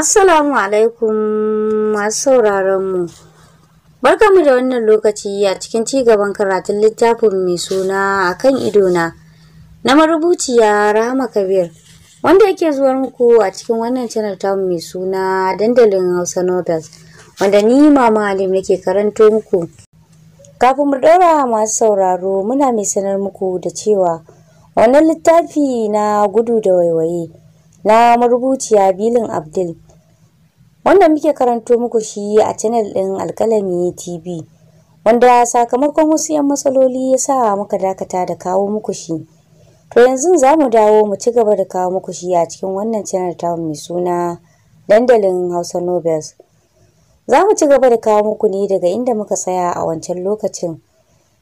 Assalamu alaikum masu sauraron sauraronmu. mu da wannan lokaci a cikin ci gaban karatun littafin mai suna a kan idona na marubuciya Rahama Kabir wanda yake zuwar muku a cikin wannan channel tamu mai suna dandalin Hausa Novels wanda ni Mama Alim nake karanto muku. Kafin mu ɗora masu sauraro muna mai sanar muku da cewa wannan littafi na gudu da waiwaye na marubuciya Bilin Abdul. Wanda muke karanto muku shi a channel ɗin Alkalami TV. Wanda sakamakon wasu 'yan matsaloli ya sa muka dakata da kawo muku shi. To yanzu za mu dawo mu ci gaba da kawo muku shi a cikin wannan channel ta mai suna dandalin Hausa Nobels. Za mu ci gaba da kawo muku ne daga inda muka tsaya a wancan lokacin.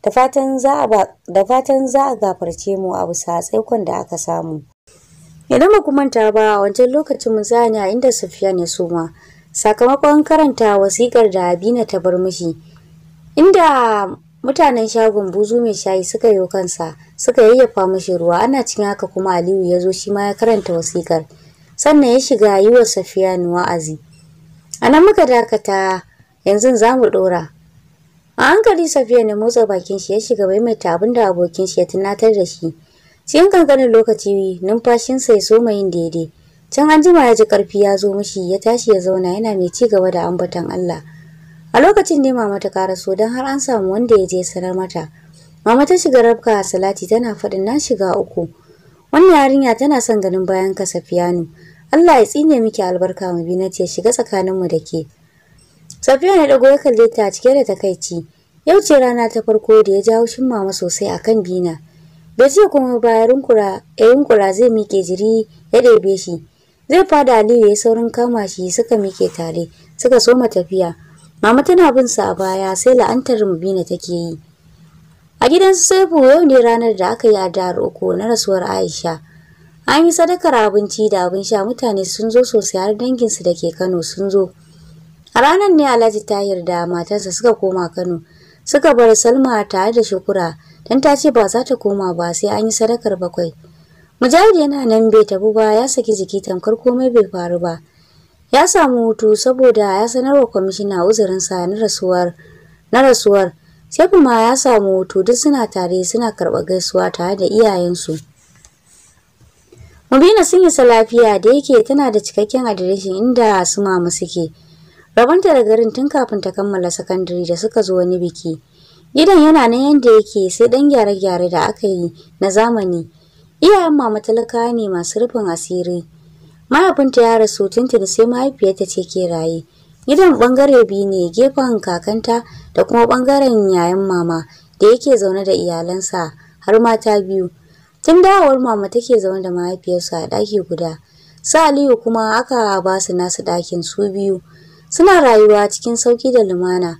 Da fatan za a gafarce mu a bisa tsaikon da aka samu. Idan ba ku manta ba a wancan lokacin mun zanya inda Sufyan ya suma sakamakon karanta wasikar da Abina ta bar mishi. Inda mutanen shagon buzu mai shayi suka yi kansa suka yayyafa mashi ruwa ana cikin haka kuma Aliyu ya zo shi ma ya karanta wasikar. Sannan ya shiga yi wa Safiya wa'azi. A nan muka dakata yanzu za mu ɗora. A hankali Safiya ne motsa bakin shi ya shiga maimaita abin da abokin shi ya tunatar da shi. Cikin kankanin lokaci numfashinsa ya soma yin daidai. Can an jima ya ji ƙarfi ya zo mishi ya tashi ya zauna yana mai ci gaba da ambaton Allah. A lokacin ne mama ta karaso don har an samu wanda ya je sanar mata. Mama ta shiga rabka a salati tana faɗin na shiga uku. Wannan yarinya tana son ganin bayan ka Safiyanu. Allah ya tsine miki albarka mu bi ce shiga tsakaninmu da ke. Safiyanu ya dago ya kalle ta cike da takaici. Yau ce rana ta farko da ya ji haushin mama sosai akan Bina. Bai ce kuma kura ya yunkura zai miƙe jiri ya ɗebe shi. zai fada Aliyu ya saurin kama shi suka mike tare suka soma tafiya mama tana bin sa a baya sai la'antar Mubina take yi a gidan Saifu yau ne ranar da aka yi adar uku na rasuwar Aisha an yi sadakar abinci da abin sha mutane sun zo sosai har danginsu da ke Kano sun zo a ranar ne Alhaji Tahir da matarsa suka koma Kano suka bar Salma tare da Shukura dan ta ce ba za ta koma ba sai an yi sadakar bakwai Mujahid yana nan bai tafi ba ya saki jiki tamkar komai bai faru ba. Ya samu hutu saboda ya sanarwa kwamishina uzurinsa na rasuwar na rasuwar. Sai kuma ya samu hutu duk suna tare suna karɓar gaisuwa tare da iyayensu. Mubina sun isa lafiya da yake tana da cikakken adireshin inda su mama suke. Rabanta da garin tun kafin ta kammala sakandare da suka zo wani biki. Gidan yana nan yadda yake sai ɗan gyare-gyare da aka yi na zamani. Iyayen mama talaka ne masu rufin asiri. Mahaifinta ya rasu tuntuni sai mahaifiyarta ce ke raye. Gidan bangare biyu ne gefen kakanta da kuma bangaren yayan mama da yake zaune da iyalansa har mata biyu. Tun dawowar mama take zaune da mahaifiyarsu a ɗaki guda. Su Aliyu kuma aka ba su nasu ɗakin su biyu. Suna rayuwa cikin sauki da lumana.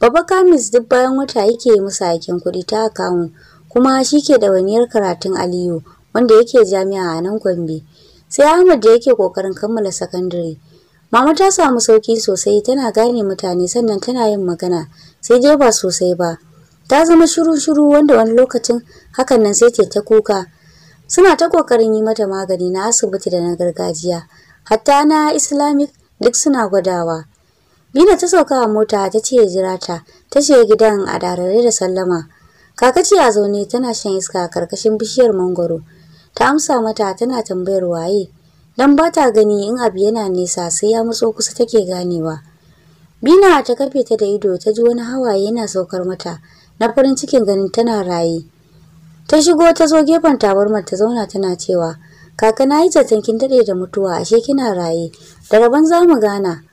Baba Kamis duk bayan wata yake musu aikin kuɗi ta akawun kuma shi ke ɗawainiyar karatun Aliyu. wanda yake jami'a a nan Gombe. Sai Ahmad da yake kokarin kammala sakandare. Mama ta samu sauki sosai tana gane mutane sannan tana yin magana sai dai ba sosai ba. Ta zama shiru-shiru wanda wani lokacin hakan nan sai ta kuka. Suna ta kokarin yi mata magani na asibiti da na gargajiya. Hatta na Islamic duk suna gwadawa. Bina ta sauka a mota ta ce ya jira ta, ta ce gidan a darare da sallama. Kakaci a zaune tana shan iska a karkashin bishiyar mangoro. ta amsa mata tana tambayar waye dan ba ta gani in abu yana nesa sai ya matso kusa take ganewa bina ta kafe ta da ido ta ji wani hawaye yana saukar mata na farin cikin ganin tana raye ta shigo ta zo gefen tabarmar ta zauna tana cewa kaka na yi zaton kin dade da mutuwa ashe kina raye da rabon za mu gana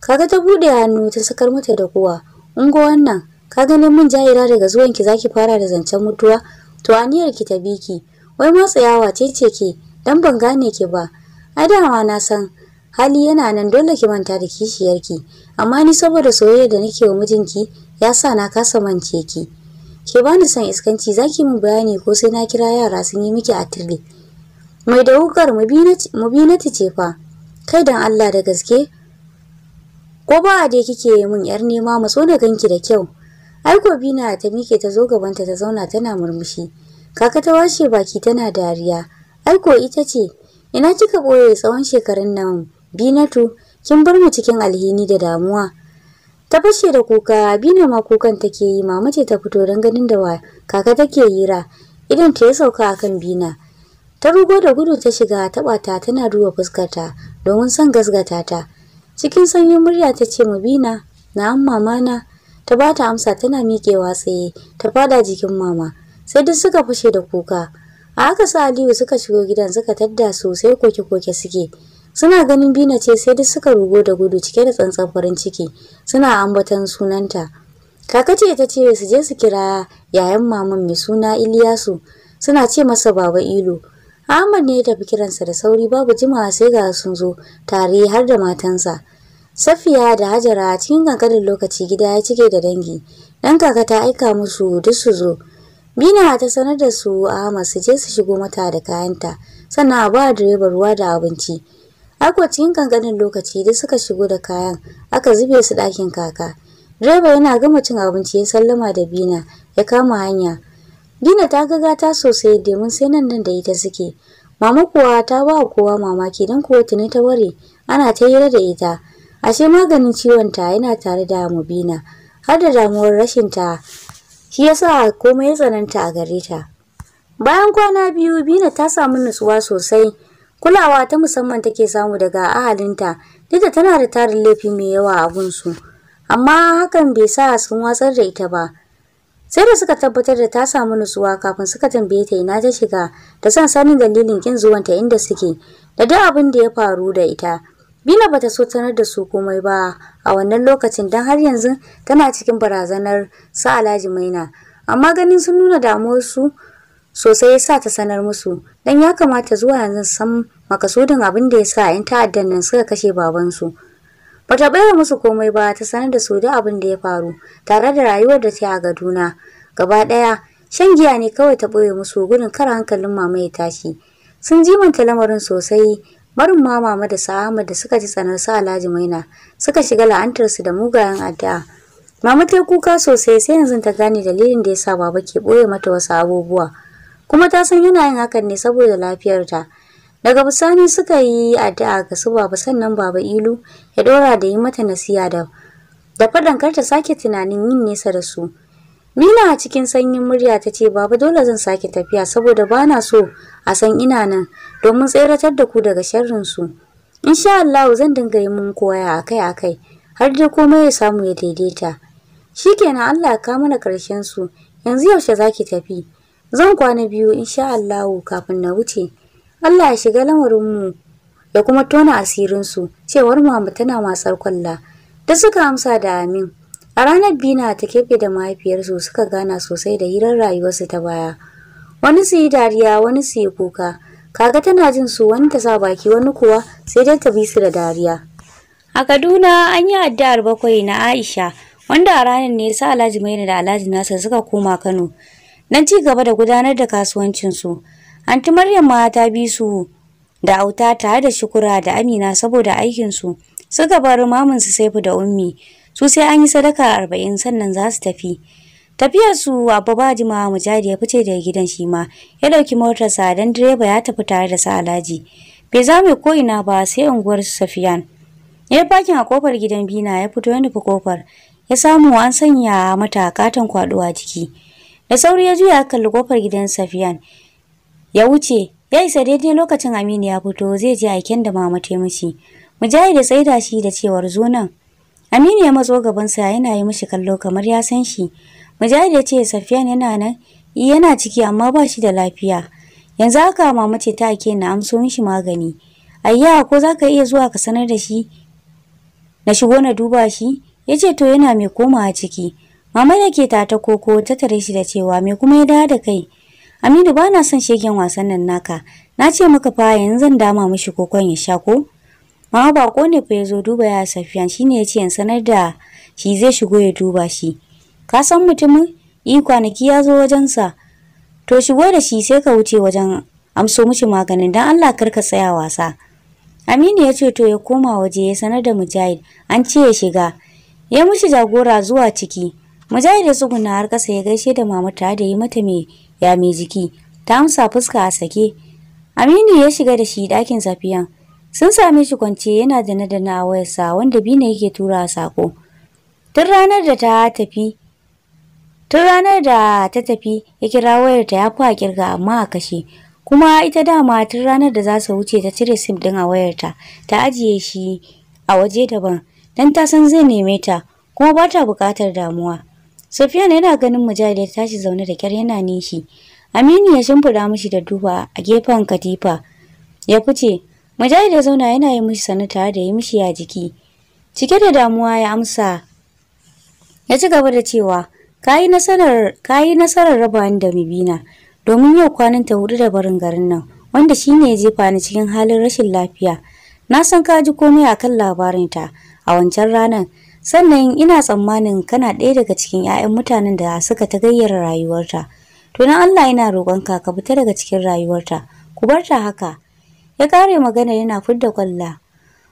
kaga ta buɗe hannu ta sakar mata da kuwa ungo wannan ka ganin min jahira daga zuwanki zaki fara da zancen mutuwa to aniyar ki ta biki wai matsayawa ce ce ke dan ban gane ki ba ai dama na san hali yana nan dole ki manta da kishiyarki amma ni saboda soyayya da nake wa mijinki ya sa na kasa mance ki ke bani san iskanci zaki min bayani ko sai na kira yara sun yi miki atirle mai da wukar mubinati ce fa kai dan Allah da gaske ko ba a dai kike yi min yar nema matso da ganki da kyau ai ko na ta mike ta zo gabanta ta zauna tana murmushi Kaka ta washe baki tana dariya. Aiko ita ce, ina kika boye tsawon shekarun nan? Binatu, kin bar mu cikin alhini da damuwa. Ta fashe da kuka, Bina ma kukan take yi, mama ce ta fito don ganin da wa kaka take hira. Idan ta ya sauka akan Bina. Ta rugo da gudu ta shiga ta ta tana duba fuskarta domin son gasgata ta. Cikin sanyin murya ta ce mu Bina, na'am mama na. Ta bata amsa tana miƙewa tsaye, ta fada jikin mama. sai duk suka fashe da kuka a haka su aliyu suka shigo gidan suka tadda sosai koke-koke suke suna ganin bina ce sai duk suka rugo da gudu cike da tsantsan farin ciki suna ambaton sunanta kaka ce ta ce su je su kira yayan maman mai suna iliyasu suna ce masa baba ilo Ahmad ne ya tafi kiransa da sauri babu jimawa sai ga sun zo tare har da matansa. Safiya da Hajara cikin kankanin lokaci gida ya cike da dangi. Dan kaka ta aika musu duk su zo. Mina ta sanar da su ahma su je su shigo mata da kayanta sannan a ba direba ruwa da abinci. Akwai cikin kankanin lokaci da suka shigo da kayan aka zube su ɗakin kaka. Direba yana gama cin abinci ya sallama da Bina ya kama hanya. Bina ta ga gata sosai domin sai nan nan da ita suke. Mama kuwa ta ba kowa mamaki don kuwa tuni ta ware ana ta hira da ita. Ashe maganin ciwon ta yana tare da Bina? har da damuwar rashin ta shi yasa komai tsananta a gare ta. Bayan kwana biyu Bina ta samu nutsuwa sosai kulawa ta musamman take samu daga ahalinta duk da tana da tarin laifi mai yawa a gunsu amma hakan bai sa sun watsar da ita ba sai da suka tabbatar da ta samu nutsuwa kafin suka tambaye ta ina ta shiga da son sanin dalilin kin zuwanta inda suke da duk abin da ya faru da ita Bina bata so sanar da su komai ba a wannan lokacin dan har yanzu tana cikin barazanar sa Alhaji Maina. Amma ganin sun nuna damuwarsu sosai yasa ta sanar musu dan ya kamata zuwa yanzu san makasudin abin da ya sa 'yan ta'addan nan suka kashe babansu. Bata bayar musu komai ba ta sanar da su da abin da ya faru tare da rayuwar da ta yi a Gaduna. Gaba ɗaya shan giya ne kawai ta ɓoye musu gudun kar hankalin mamaye ya tashi. Sun jimanta lamarin sosai barin ma mama da sahama da suka ji tsanar sa alhaji maina suka shiga la'antarsu da mugayen addu'a mama ta kuka sosai sai yanzu ta gane dalilin da yasa baba ke boye mata wasu abubuwa kuma ta san yana yin hakan ne saboda lafiyarta daga bisani suka yi addu'a ga su baba sannan baba ilu ya dora da yi mata nasiya da da fadan kar ta sake tunanin yin nesa da su Mina a cikin sanyin murya ta ce baba dole zan sake tafiya saboda bana so a san ina nan domin tseratar da ku daga sharrin su. Insha Allah zan dinga yi mun koya akai-akai har da komai ya samu ya daidaita. Shikenan Allah ka mana karshen su. Yanzu yaushe zaki tafi? Zan kwana biyu insha Allah kafin na wuce. Allah ya shiga lamarin mu ya kuma tona asirin su cewar Muhammad tana matsar kwalla. Da suka amsa da amin. A ranar Bina ta kefe da mahaifiyarsu suka gana sosai da hirar rayuwarsu ta baya. Wani su yi dariya, wani su yi kuka. Kaga tana jin su wani ta sa baki wani kuwa sai dai ta bi su da dariya. A Kaduna an yi addu'ar bakwai na Aisha wanda a ranar ne sa Alhaji Maina da Alhaji Nasir suka koma Kano. Nan ci gaba da gudanar da kasuwancinsu. Anti Maryam ma ta bi su da auta tare da shukura da Amina saboda aikinsu. Suka bar mamansu Saifu da Ummi. su sai an yi sadaka arba'in sannan za su tafi tafiyar su abu ba jimawa mujahid ya fice daga gidan shi ma ya ɗauki motarsa don direba ya tafi tare da sa alhaji bai za mai ko ina ba sai unguwar safiyan ya yi fakin a kofar gidan bina ya fito ya nufi kofar ya samu an sanya mata katon kwaɗo a jiki da sauri ya juya a kalli kofar gidan safiyan ya wuce ya isa daidai lokacin aminu ya fito zai je aiken da mama ta mujahid ya tsaida shi da cewar zo nan Aminu ya matso gabansa yana yi mishi kallo kamar ya san shi. Mujahid ya ce Safiyan yana nan, eh, yana ciki amma ba shi da lafiya. Yanzu haka mama ce ta ake na amso mishi magani. Ayya ko za ka iya zuwa ka sanar da shi? Na shigo na duba shi? Ya ce to yana mai komawa ciki. Mama yake ke ta koko ta tare shi da cewa me kuma ya dawo da kai. Aminu ba na son shegen wasan nan naka. Na ce maka fa yanzu zan dama mishi kokon ya sha ko? Mama bako ne fa ya zo duba ya Safiyan shine yace in sanar da shi zai shigo ya duba shi. Ka san mutumin? Yi kwanaki ya zo wajensa. To shigo da shi sai ka wuce wajen amso mishi maganin dan Allah kar ka tsaya wasa. Aminu ya ce to ya koma waje ya sanar da Mujahid an ce ya shiga. Ya mishi jagora zuwa ciki. Mujahid ya tsuguna har kasa ya gaishe da mama ta da yi mata mai ya mai jiki. Ta amsa fuska a sake. Aminu ya shiga da shi ɗakin Safiyan. Sun same shi kwance yana da na wayarsa wanda Bina yake tura sako. Tun ranar da ta tafi Tun ranar da ta tafi ya kira wayarta ya fi kirga amma a kashe. Kuma ita dama tun ranar da za su wuce ta cire sim din a wayarta ta ajiye shi a waje daban dan ta san zai neme ta kuma ba ta buƙatar damuwa. Sofiyan yana ganin Mujahid ya tashi zaune da kyar yana nishi. Aminu ya shimfiɗa mishi da duba a gefen katifa. Ya fice, Mujahid ya zauna yana yi mishi sanu tare da yi mishi ya jiki. Cike da damuwa ya amsa. Ya ci gaba da cewa, "Kayi nasarar, kayi nasarar raba ni da Mibina, domin yau kwanan ta hudu da barin garin nan, wanda shine ya jefa ni cikin halin rashin lafiya. Na san ka ji komai akan ta a wancan ranar, sannan ina tsammanin kana ɗaya daga cikin 'ya'yan mutanen da suka ta gayyara rayuwarta. To na Allah ina roƙonka ka fita daga cikin rayuwarta, ku bar ta haka, ya kare magana yana fidda kwalla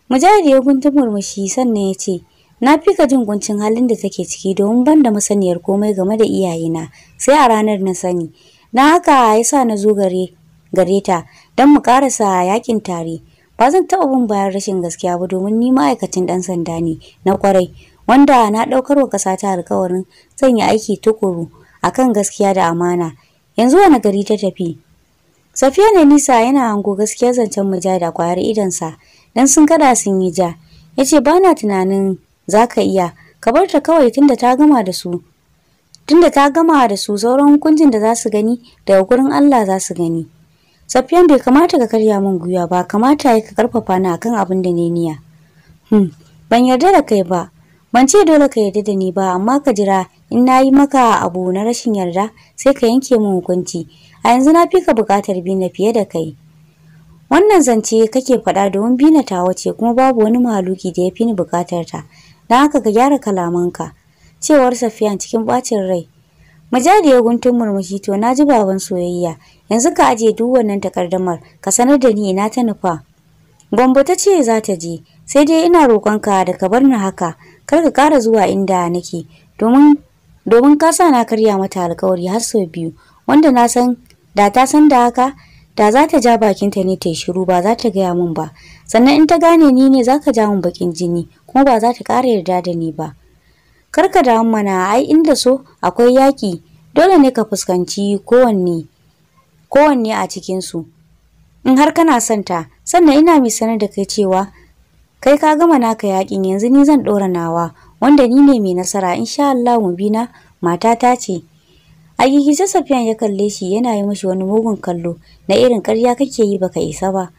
mujahid ya gunta murmushi sannan ya ce na fi ka jin guncin halin da take ciki domin ban da masaniyar komai game da iyayena sai a ranar na sani Na haka ya sa na zo gare gare ta don mu karasa yakin tare ba zan taɓa bin bayan rashin gaskiya ba domin ni ma'aikacin ɗan sanda ne na kwarai wanda na ɗaukar wa ƙasa ta alkawarin zan aiki tukuru akan gaskiya da amana yanzu wani gari ta tafi Safiya ne nisa yana hango gaskiya zancen da kwayar sa, dan sun kada sun yi ja. Ya ce ba na tunanin za ka iya ka bar ta kawai tunda ta gama da su. Tunda ta gama da su sauran hukuncin da za su gani daga gurin Allah za su gani. Safiyan bai kamata ka karya min gwiwa ba kamata ya ka karfafa ni akan abin da ne niya. Hmm, ban yarda da kai ba. Ban ce dole ka yarda da ni ba amma ka jira in na yi maka abu na rashin yarda sai ka yanke min hukunci a yanzu na fi ka buƙatar bina fiye da kai wannan zance kake faɗa domin bina tawa ce kuma babu wani mahaluki da ya fi ni buƙatar ta don haka ka gyara kalamanka cewar safiyan cikin ɓacin rai Mujadi ya guntun murmushi to na ji baban soyayya. Yanzu ka ajiye duk wannan takardamar, ka sanar da ni ina ta nufa. Gombo ta ce za ta je, sai dai ina roƙonka da ka bar ni haka, kar ka ƙara zuwa inda nake, domin domin ka sa na karya mata alƙawari har sau biyu, wanda na san da ta san da haka da za ta ja bakinta ne ta yi shiru ba za ta gaya min ba sannan in ta gane ni ne za ka ja min bakin jini kuma ba za ta ƙara yarda da ni ba Kar ka damu mana ai inda so akwai yaƙi dole ne ka fuskanci kowanne kowanne a cikinsu in har kana son ta sannan ina mai sanar da kai cewa kai ka gama naka yaƙin yanzu ni zan ɗora nawa wanda ni ne mai nasara insha Allah mubina matata ce A gigice Safiyan ya kalle shi yana yi mashi wani mugun kallo na irin karya kake yi baka isa ba.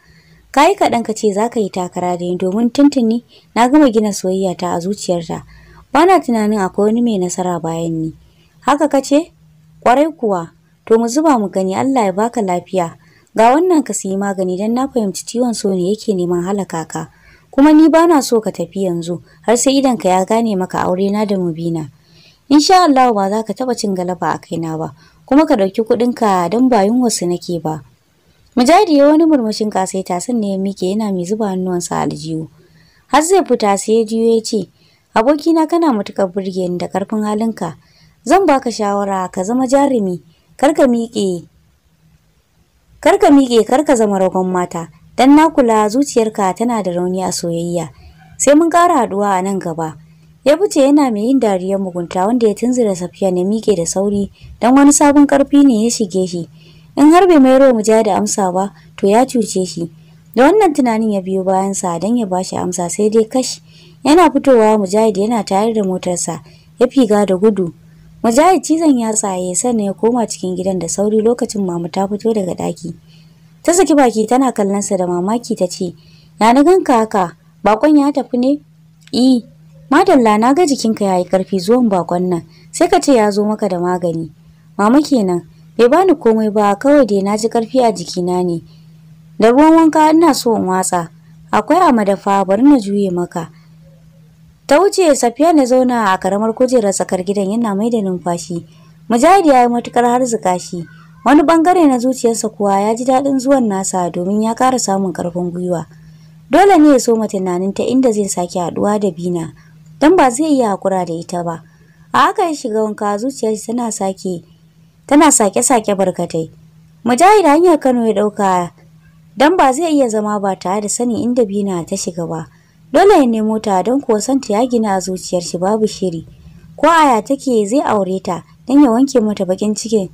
Ka yi kaɗan ka ce za ka yi takara da ni domin tuntuni na gama gina soyayya ta a zuciyarta. bana tunanin akwai wani mai nasara bayan ni. Haka ka ce? Ƙwarai kuwa. To mu zuba mu gani Allah ya baka lafiya. Ga wannan ka siyi magani don na fahimci ciwon so ne yake neman halaka ka. Kuma ni bana so ka tafi yanzu har sai idan ka ya gane maka aure na da mu mubina. insha Allah ba za ka taba cin galaba a kaina ba kuma ka ɗauki ka dan ba wasu nake ba mujahidi ya wani murmushin ta sanne ya mike yana mai zuba hannuwansa aljihu har zai fita sai ya jiyo ya ce abokina kana matuƙar burge ni da ƙarfin halinka zan baka shawara ka zama jarumi kar ka miƙe kar ka zama ragon mata dan na kula zuciyarka tana da rauni a soyayya sai mun kara haɗuwa a nan gaba ya fice yana mai yin dariyar mugunta wanda ya tunzura safiya ne mike da sauri don wani sabon karfi ne ya shige shi in har bai mayar wa da amsa ba to ya cuce shi da wannan tunanin ya biyo bayansa don ya ba shi amsa sai dai kash yana fitowa mujahid yana tayar da motarsa ya figa da gudu mujahid cizon ya tsaye sannan ya koma cikin gidan da sauri lokacin mamu ta fito daga ɗaki ta saki baki tana kallon sa da mamaki ta ce ya ni ganka haka bakon ya tafi ne i eh. Madalla na ga jikinka ya yi karfi zuwan bakon nan, sai ka ce ya zo maka da magani. Mama kenan, bai bani komai ba kawai dai na ji karfi a jikina ne. Da ruwan wanka ina so in watsa, akwai a madafa bari na juye maka. Ta wuce safiya na zauna a karamar kujerar tsakar gidan yana mai da numfashi. Mujahid ya yi matukar zuka shi. Wani bangare na zuciyarsa kuwa ya ji daɗin zuwan nasa domin ya ƙara samun ƙarfin gwiwa. Dole ne ya soma tunanin ta inda zai sake haɗuwa da Bina. dan ba zai iya hakura da ita ba. A haka ya shiga wanka zuciyar tana sake tana sake-sake barkatai. Mujahid hanya Kano ya ɗauka don ba zai iya zama ba tare da sanin inda Bina ta shiga ba. Dole ya nemo ta don kuwa santa ya gina a zuciyar shi babu shiri. Ko aya take zai aure ta dan ya wanke mata bakin cikin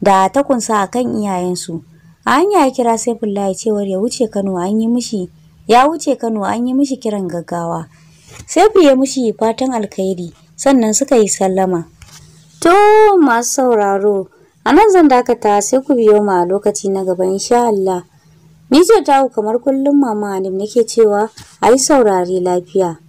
da ta kunsa akan kan iyayensu. A hanya ya kira Saifullahi cewar ya wuce Kano an yi mishi ya wuce Kano an yi mishi kiran gaggawa. Sai ku ya mushi fatan alkhairi sannan suka yi sallama. To masu sauraro, a nan zan dakata sai ku biyo ma lokaci na gaba insha Allah. Ni ce tawo kamar kullum mama nake cewa a yi saurare lafiya.